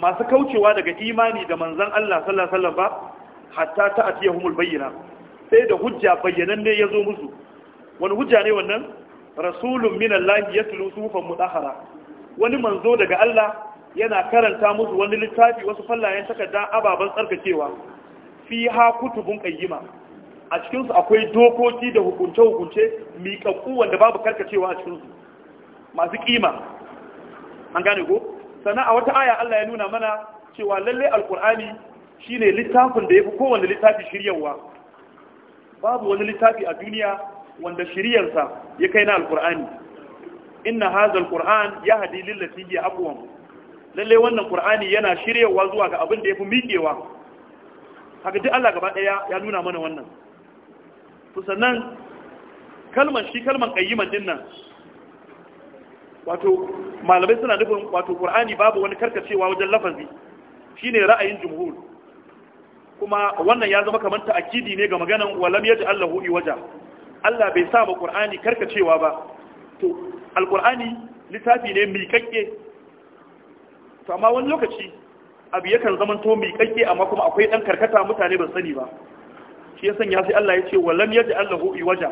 masu kaucewa daga imani da manzan Allah sallallahu alaihi wasallam ba hatta humul bayyana. sai da hujja bayyananne ya zo musu wani hujja ne wannan rasulun minallahi Allah ya tulu sufan mudahara wani manzo daga Allah yana karanta musu wani littafi wasu fallayen takarda ababen tsarkakewa fiha kutubun kayyima a cikin su akwai dokoki da hukunce hukunce miƙaƙu wanda babu karkacewa a cikin su masu kima an gane ko sannan a wata aya Allah ya nuna mana cewa lalle alqur'ani shine littafin da yafi kowanne littafi shiryawa babu wani littafi a duniya wanda shiryarsa ya kai na alqur'ani inna hadha alqur'an yahdi lil lati hiya aqwam lalle wannan qur'ani yana shiryawa zuwa ga abin da yafi miƙewa haka duk Allah gaba ɗaya ya nuna mana wannan to sannan kalman shi kalman qayyiman din nan wato malamai suna nufin wato qur'ani babu wani karkacewa wajen lafazi shine ra'ayin jumhur kuma wannan ya zama kamar ta'akidi ne ga maganan walam allahu lahu iwaja Allah bai sa ba qur'ani karkacewa ba to alqur'ani littafi ne miƙaƙƙe to amma wani lokaci abu yakan zaman to mai kakke amma kuma akwai dan karkata mutane ba sani ba shi ya sanya sai Allah ya ce walam Allah hu iwaja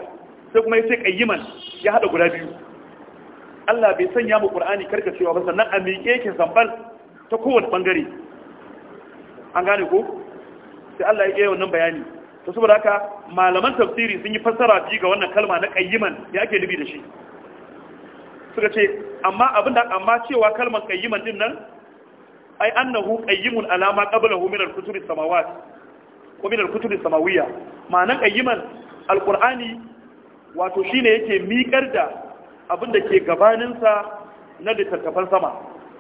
sai kuma ya ce qayyiman ya hada guda biyu Allah bai sanya mu Qur'ani karkacewa ba sannan a miƙe yake zambal ta kowace bangare an gane ko sai Allah ya yi wannan bayani to saboda haka malaman tafsiri sun yi fassara bi ga wannan kalma na qayyiman ya ake nubi da shi suka ce amma abinda amma cewa kalmar qayyiman din nan ai annahu qayyimun ala ma qablahu min al-kutubi as-samawati wa min al-kutubi samawiyya ma'anan qayyiman al-qur'ani wato shine yake miƙar da abin da ke gabanin sa na littattafan sama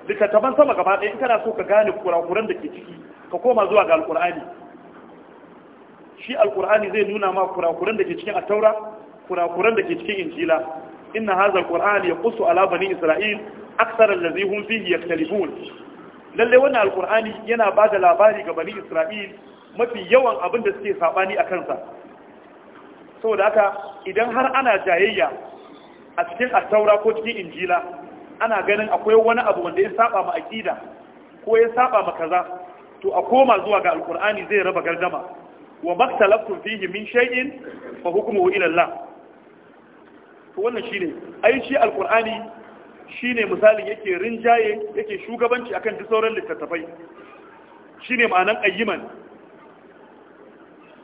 littattafan sama gaba ɗaya in kana so ka gane kurakuran da ke ciki ka koma zuwa ga al-qur'ani shi al-qur'ani zai nuna ma kurakuran da ke cikin at-taura kurakuran da ke cikin injila inna hadha al-qur'an yaqussu ala bani isra'il aktsara allazi hum fihi yaktalibun lalle wannan alkur'ani yana ba da labari ga bani isra'il mafi yawan abin da suke saɓani a kansa saboda haka idan har ana jayayya a cikin attaura ko cikin injila ana ganin akwai wani abu wanda ya saɓa ma aqida ko ya saba ma kaza to a koma zuwa ga alkur'ani zai raba gardama wa maktalaftum fihi min shay'in fa hukmuhu ila Allah to wannan shine ai shi alkur'ani Shi ne misalin yake rinjaye yake shugabanci akan kan sauran littattafai Shi ne ma'anan ayyiman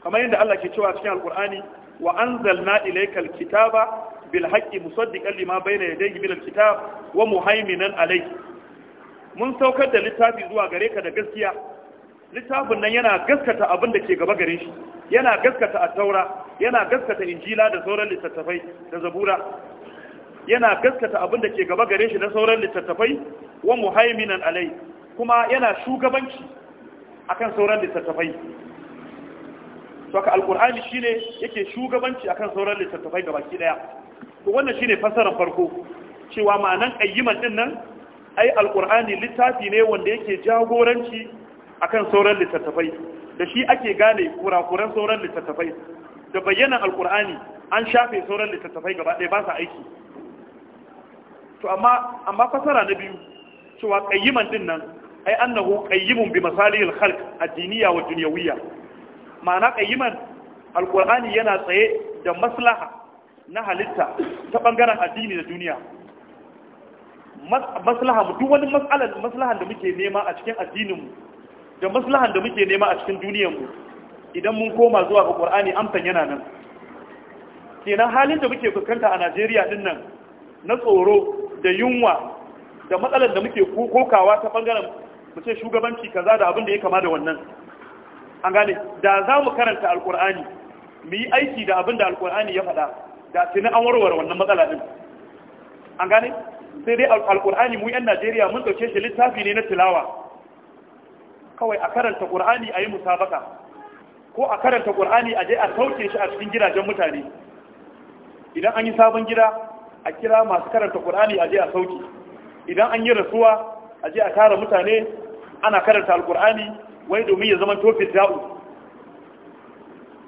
kamar yadda Allah ke cewa cikin alkur'ani wa anzalna ilaykal kitaba bil haqqi musaddiqan lima yadda yi min alkitab wa muhaiminan alai. mun saukar da littafi zuwa gare ka da gaskiya littafin nan yana gaskata abin da ke gaba gare shi yana gaskata a taura yana gaskata injila da sauran littattafai da zabura yana gaskata abin da ke gaba gare shi na sauran littattafai wa muhaiminan alai kuma yana shugabanci akan sauran littattafai to ka alqur'ani shine yake shugabanci akan sauran littattafai gabaki daya to wannan shine fasaran farko cewa ma'anan ayyiman din nan ai alqur'ani littafi ne wanda yake jagoranci akan sauran littattafai da shi ake gane kurakuran sauran littattafai da bayyana alqur'ani an shafe sauran littattafai gaba ɗaya ba sa aiki to amma amma fasara na biyu cewa qayyiman din nan ai annahu qayyimun bi masalihil khalq ad-diniyya wa dunyawiyya ma'ana qayyiman alqur'ani yana tsaye da maslaha na halitta ta bangaren addini da duniya maslaha mu duk wani mas'alar maslahan da muke nema a cikin addinin mu da maslahan da muke nema a cikin duniyar mu idan mun koma zuwa ga qur'ani amsan yana nan kenan halin da muke fuskanta a Najeriya din nan na tsoro da yunwa da matsalar da muke kokawa ta bangaren mu ce shugabanci kaza da abin da ya kama da wannan an gane da za mu karanta alkur'ani mu yi aiki da abin da alkur'ani ya faɗa da tuni an warware wannan matsala din an gane sai dai alkur'ani mu yan najeriya mun ɗauke shi littafi ne na tilawa kawai a karanta ƙur'ani a yi musabaka ko a karanta ƙur'ani a je a sauke shi a cikin gidajen mutane idan an yi sabon gida a kira masu karanta ƙur'ani a je a sauki idan an yi rasuwa a je a tara mutane ana karanta Alƙur'ani, wai domin ya zama tofin da'u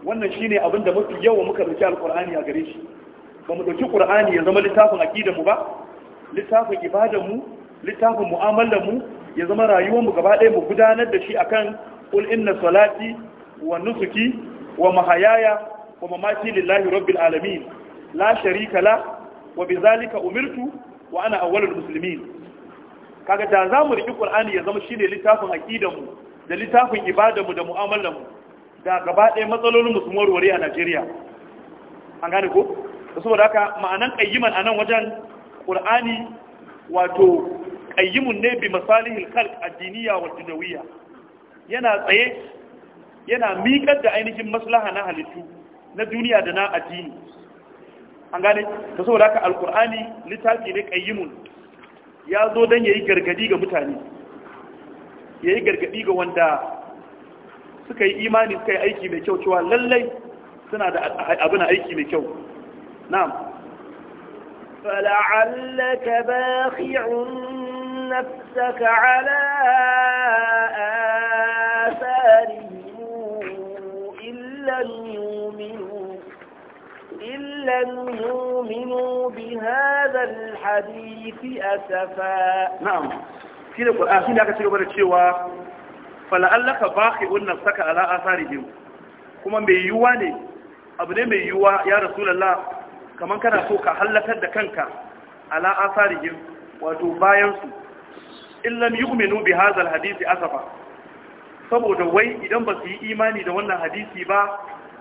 wannan shine abin da mafi yawa muka dauki Alƙur'ani a gare shi ba mu ɗauki ƙur'ani ya zama littafin aqidar mu ba littafin ibadar mu littafin mu'amalar mu ya zama rayuwar mu gaba ɗaya mu gudanar da shi akan qul inna salati wa nusuki wa mahayaya wa mamaki lillahi rabbil alamin la sharika la wa bi zalika umirtu wa ana awwalul muslimin kaga da za riki qur'ani ya zama shine littafin aqidanmu da littafin ibadanmu da mu'amalanmu da gaba ɗaya matsalolin mu sun a Najeriya an gane ko saboda haka ma'anan qayyiman anan wajen qur'ani wato qayyimun ne bi masalihil khalq ad-diniyya ad dunyawiyya yana tsaye yana miƙar da ainihin maslaha na halittu na duniya da na addini an gane ta saboda haka alkur'ani littafi ne kayyimun ya zo dan yayi gargadi ga mutane yayi gargadi ga wanda suka yi imani suka yi aiki mai kyau cewa lallai suna da abin aiki mai kyau na'am fala'allaka باخع نفسك على آثارهم إن لم لم يؤمنوا بهذا الحديث أسفا نعم shine Qur'an shine aka ci gaba da cewa fala'allaka baqi'un nafsaka ala atharihim kuma mai yuwa ne abu ne mai yiwuwa ya rasu lalla. Kamar kana so ka halakar da kanka ala atharihim wato bayansu. su in lam yu'minu bi hadha hadisi asafa saboda wai idan ba su yi imani da wannan hadisi ba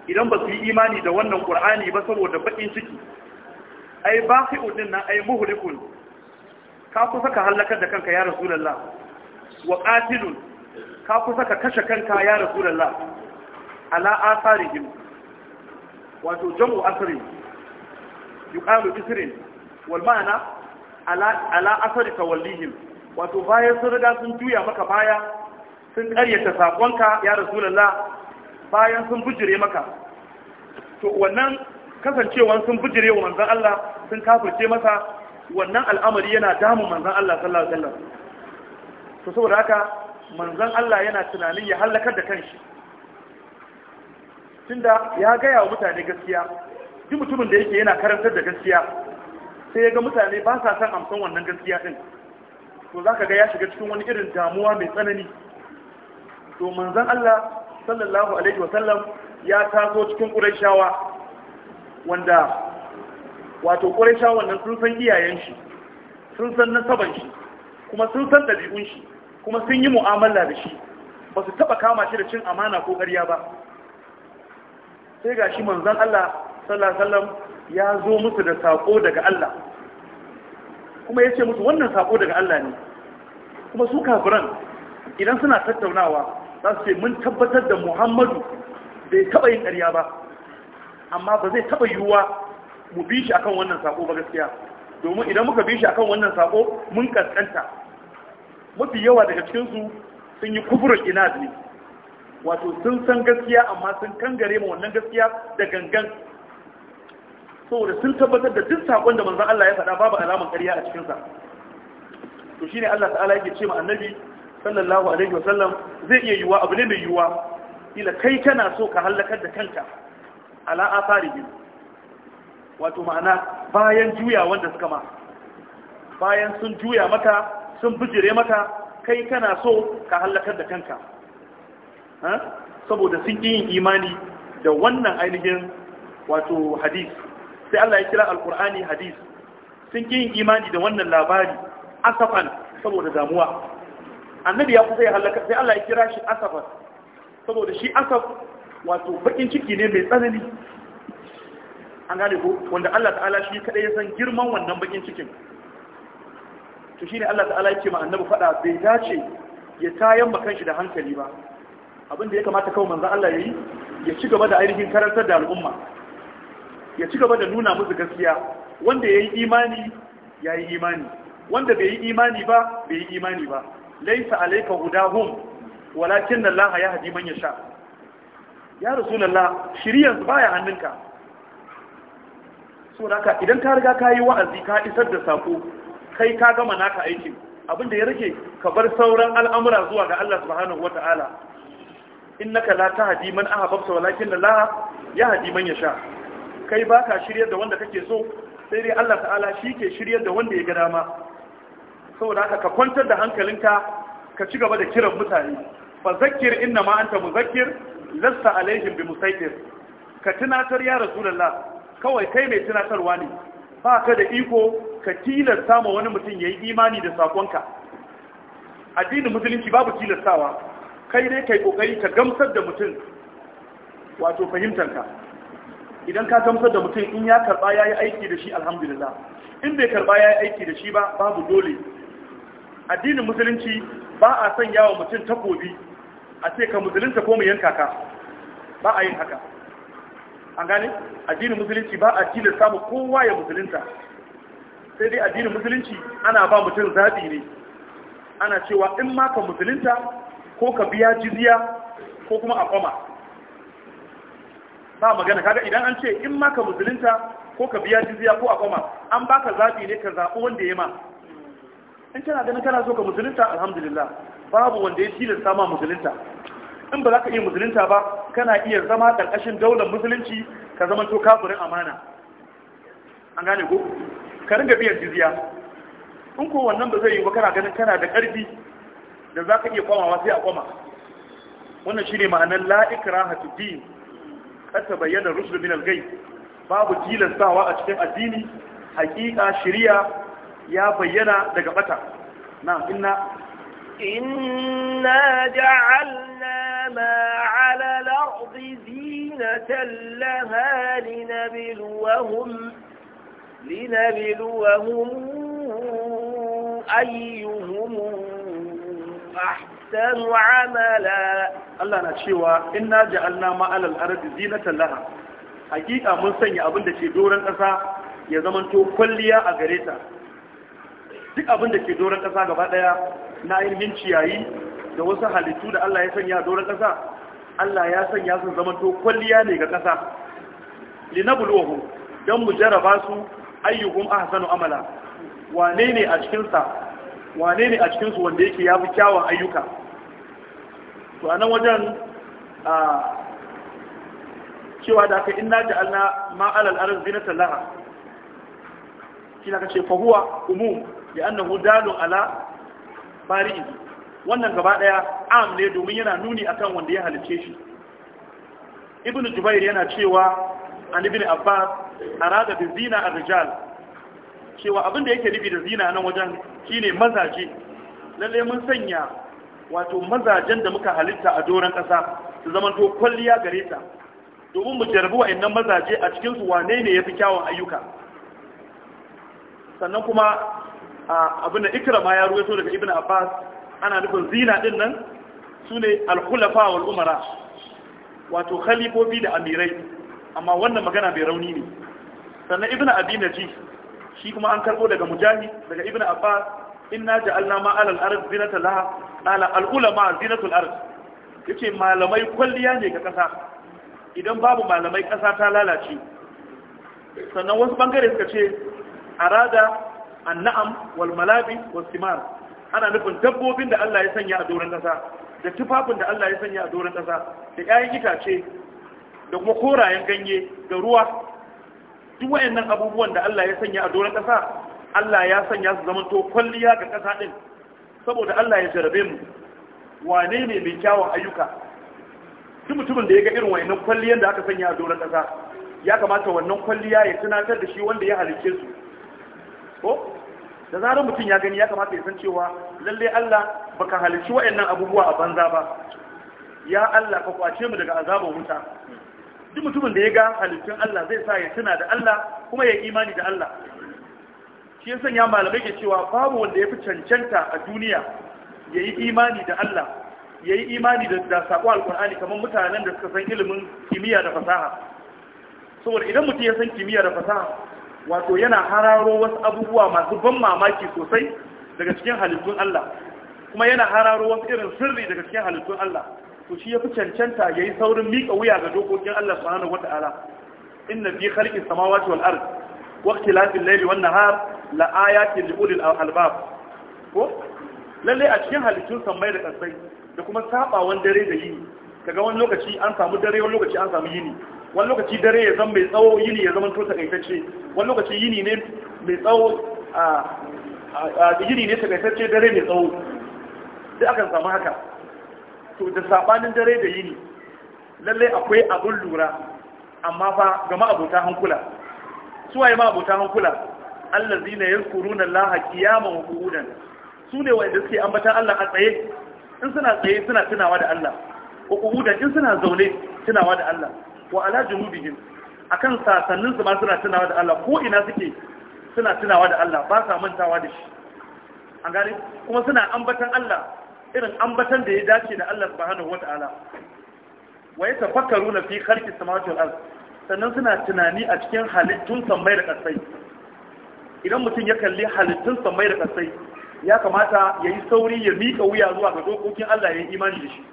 idan ba su yi imani da wannan ƙur'ani ba saboda baƙin ciki ai basi'un udin nan ai muhrikun ka kusa ka halakar da kanka ya rasulullah wa qatilun ka kusa ka kashe kanka ya rasulullah ala asarihim wato jam'u asri yuqalu isrin wal ma'ana ala ala asri tawallihim wato bayan sun riga sun juya maka baya sun karyata sakonka ya rasulullah bayan sun bujire maka to wannan kasancewan sun bujire wa manzan Allah sun kafirce masa wannan al'amari yana damun manzan Allah sallallahu alaihi wasallam to saboda haka manzan Allah yana tunanin ya halakar da kanshi tunda ya gaya wa mutane gaskiya duk mutumin da yake yana karantar da gaskiya sai ya ga mutane ba sa son amsan wannan gaskiya din to zaka ga ya shiga cikin wani irin damuwa mai tsanani to manzan Allah sallallahu alaihi wasallam ya taso cikin ƙurashawa wanda wato ƙurashawa wannan sun san iyayen shi sun san nasaban shi kuma sun san ɗabi'un shi kuma sun yi mu'amala da shi ba su taɓa kama shi da cin amana ko ƙarya ba sai ga shi manzan Allah sallallahu ya zo musu da saƙo daga Allah kuma ya ce musu wannan sako daga Allah ne kuma su kafiran idan suna tattaunawa za su ce mun tabbatar da muhammadu bai taɓa yin ƙarya ba amma ba zai taɓa yiwuwa mu bi shi akan wannan sako ba gaskiya domin idan muka bi shi akan wannan sako mun kaskanta mafi yawa daga cikinsu sun yi kufurin inad ne wato sun san gaskiya amma sun kangare ma wannan gaskiya da gangan saboda sun tabbatar da duk sakon da manzon Allah ya faɗa babu alamar ƙarya a cikinsa to shi shine Allah ta'ala yake ce ma annabi sallallahu alaihi wasallam zai iya yiwuwa abu ne mai yiwuwa ila kai kana so ka hallakar da kanka ala afari biyu wato ma'ana bayan juya wanda suka ma bayan sun juya mata sun bijire mata kai kana so ka hallakar da kanka saboda sun yin imani da wannan ainihin wato hadis sai Allah ya kira alkur'ani hadis sun yin imani da wannan labari asafan saboda damuwa annabi ya kusa ya halaka sai Allah ya kira shi asafar saboda shi asaf wato bakin ciki ne mai tsanani an gane ko wanda Allah ta'ala shi kada ya san girman wannan bakin cikin to shine Allah ta'ala yake ma annabi fada bai dace ya tayan ma kanshi da hankali ba abin da ya kamata kawai manzo Allah yayi ya ci gaba da ainihin karantar da al'umma ya ci gaba da nuna musu gaskiya wanda yayi imani yayi imani wanda bai yi imani ba bai yi imani ba laisa alayka hudahum walakin Allah yahdi man yasha ya rasulullah shiriyan baya hannunka so haka idan ka riga ka yi wa'azi ka isar da sako kai ka gama naka aikin abinda ya rike ka bar sauran al'amura zuwa ga Allah subhanahu wata'ala innaka la tahdi man ahbabta walakin Allah yahdi man yasha kai baka shiryar da wanda kake so sai dai Allah ta'ala shi ke shiryar da wanda ya ga dama saboda haka ka kwantar da hankalinka ka ci gaba da kiran mutane fa zakir inna ma anta muzakkir lasta alaihim bi musaitir ka tunatar ya rasulullah kawai kai mai tunatarwa ne ba ka da iko ka tilasta ma wani mutum yayi imani da sakonka addinin musulunci babu tilastawa kai dai kai kokari ka gamsar da mutum wato fahimtarka. idan ka gamsar da mutum in ya karba yayi aiki da shi alhamdulillah in bai karba yayi aiki da shi ba babu dole addinin musulunci ba a son yawo mutum takobi a ce ka musulunta ko mu yanka ka ba a yin haka an gane addinin musulunci ba a tilasta samu kowa ya musulunta sai dai addinin musulunci ana ba mutum zaɓi ne ana cewa in ma ka musulunta ko ka biya jiziya ko kuma a kwama ba magana kaga idan an ce in ma ka musulunta ko ka biya jiziya ko a kwama an ba ka zaɓi ne ka zaɓi wanda ya ma in kana ganin kana so ka musulunta alhamdulillah babu wanda ya tilasta ma musulunta in ba za ka iya musulunta ba kana iya zama ƙarƙashin daular musulunci ka zama to kafirin amana an gane ko ka ringa biyan jizya in ko wannan ba zai yi ba kana ganin kana da ƙarfi da za ka iya kwamawa sai a kwama wannan shine ma'anar la ikraha fi din kad bayyana rusul min al babu tilastawa a cikin addini haƙiƙa, shari'a ya bayyana daga bata na inna inna ja'alna ma 'ala al-ardi zinatan laha linabluwahum linabluwahum ayyuhum ahsanu 'amala Allah na cewa inna ja'alna ma 'ala al-ardi zinatan laha hakika mun sanya abin da ke doron ƙasa ya zamanto kwalliya a gareta. duk abin da ke doron ƙasa gaba ɗaya na ainihin ciyayi da wasu halittu da Allah ya sanya doron ƙasa Allah ya sanya sun zama to kwalliya ne ga ƙasa linabluwahum dan mu jaraba su ayyukum ahsanu amala wane ne a cikin sa wane ne a cikin su wanda yake yafi kyawun ayyuka to anan wajen a cewa da aka inna ja'alna ma'alal alal ardi kina kace fa huwa umum da annahu dalun ala bari'i wannan gaba daya am ne domin yana nuni akan wanda ya halice shi ibnu jubair yana cewa an ibnu abbas arada bi zina ar-rijal cewa abinda yake nufi da zina nan wajen shine mazaje lalle mun sanya wato mazajen da muka halitta a doron kasa su zama to kwalliya gare ta domin mu wa wa'annan mazaje a cikin su wane ne yafi kyawun ayyuka sannan kuma abin da ikrama ya ruwato daga ibn abbas ana nufin zina din nan su ne alkhulafa wal umara wato khalifofi da amirai amma wannan magana bai rauni ne sannan ibn abi naji shi kuma an karbo daga mujahid daga ibn abbas inna ja'alna ma alal ard zinata laha ala al ulama zinatul ard yace malamai kwalliya ne ga kasa idan babu malamai ƙasa ta lalace sannan wasu bangare suka ce arada annam wal malabi was simar ana nufin dabbobin da Allah ya sanya a doron kasa da tufafin da Allah ya sanya a doron kasa da ƴaƴan itace da kuma korayen ganye da ruwa duk wayannan abubuwan da Allah ya sanya a doron kasa Allah ya sanya su zamanto kwalliya ga kasa din saboda Allah ya jarabe mu wane ne mai kyawun ayyuka duk mutumin da ya ga irin wayannan kwalliyar da aka sanya a doron kasa ya kamata wannan kwalliya ya tunatar da shi wanda ya halicce su ko da zarar mutum ya gani ya kamata ya san cewa lallai Allah baka halicci waɗannan abubuwa a banza ba ya Allah ka kwace mu daga azabar wuta duk mutumin da ya ga halittun Allah zai sa ya tuna da Allah kuma ya imani da Allah shi ya sanya malamai ke cewa babu wanda ya fi cancanta a duniya ya yi imani da Allah ya yi imani da da sako alkur'ani kamar mutanen da suka san ilimin kimiyya da fasaha saboda idan mutum ya san kimiyya da fasaha wato yana hararo wasu abubuwa masu ban mamaki sosai daga cikin halittun Allah kuma yana hararo wasu irin sirri daga cikin halittun Allah to shi yafi cancanta yayi saurin mika wuya ga dokokin Allah subhanahu wataala inna fi khalqi samawati wal ard wa ikhtilafi layli wan nahar la ayatin li ulil albab ko lalle a cikin halittun samai da kasai da kuma sabawan dare da yini kaga wani lokaci an samu dare wani lokaci an samu yini wani lokaci dare ya zama mai tsawo yini ya zama to takaitacce wani lokaci yini ne mai tsawo a yini ne takaitacce dare mai tsawo sai akan samu haka to da sabanin dare da yini lallai akwai abun lura amma fa ga ma'abota hankula Su ma ma'abota hankula allazina yazkuruna allaha qiyaman wa qu'udan su ne wanda suke ambata Allah a tsaye in suna tsaye suna tunawa da Allah ko kuhudan in suna zaune tunawa da Allah wa ala junubihim akan sasannin su ma suna tunawa da Allah ko ina suke suna tunawa da Allah ba sa mantawa da shi an gane kuma suna ambatan Allah irin ambatan da ya dace da Allah subhanahu wata'ala wa ya tafakkaru na fi khalqi samawati wal ard sannan suna tunani a cikin halittun sammai da kasai idan mutum ya kalli halittun sammai da kasai ya kamata ya yi sauri ya miƙa wuya zuwa ga dokokin Allah ya yi imani da shi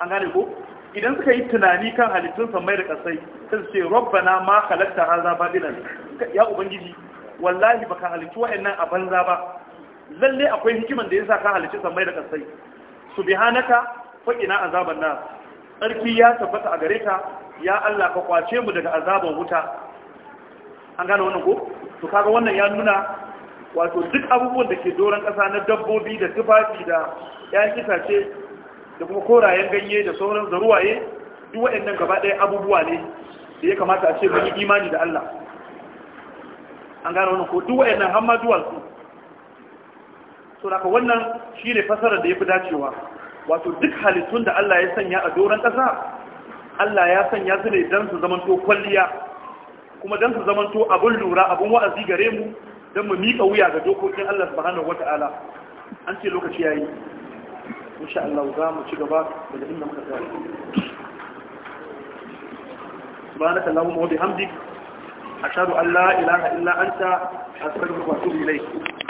an gane ko idan suka yi tunani kan halittun samai da kasai sai su ce rabbana ma halatta haza badilan ya ubangiji wallahi baka halittu wa'annan a banza ba lalle akwai hikiman da yasa ka halitta samai da kasai subhanaka ina azaban nar sarki ya tabbata a gare ka ya Allah ka kwace mu daga azaban wuta an gane wannan ko to kaga wannan ya nuna wato duk abubuwan da ke doron kasa na dabbobi da tufafi da 'ya'yan itace da kuma korayen ganye da sauran zaruwaye duk waɗannan gaba ɗaya abubuwa ne da ya kamata a ce mai imani da Allah an gane wannan ko duk waɗannan har ma duwal su to haka wannan shine fasarar da yafi dacewa wato duk halittun da Allah ya sanya a doron ƙasa Allah ya sanya su ne dan su zamanto kwalliya kuma dan su zamanto abun lura abun wa'azi gare mu dan mu mika wuya ga dokokin Allah subhanahu wataala an ce lokaci yayi insha Allah za mu ci gaba daga inda muka tsaya subhanaka allahumma wa bihamdik ashhadu an la ilaha illa anta astaghfiruka wa atubu ilayk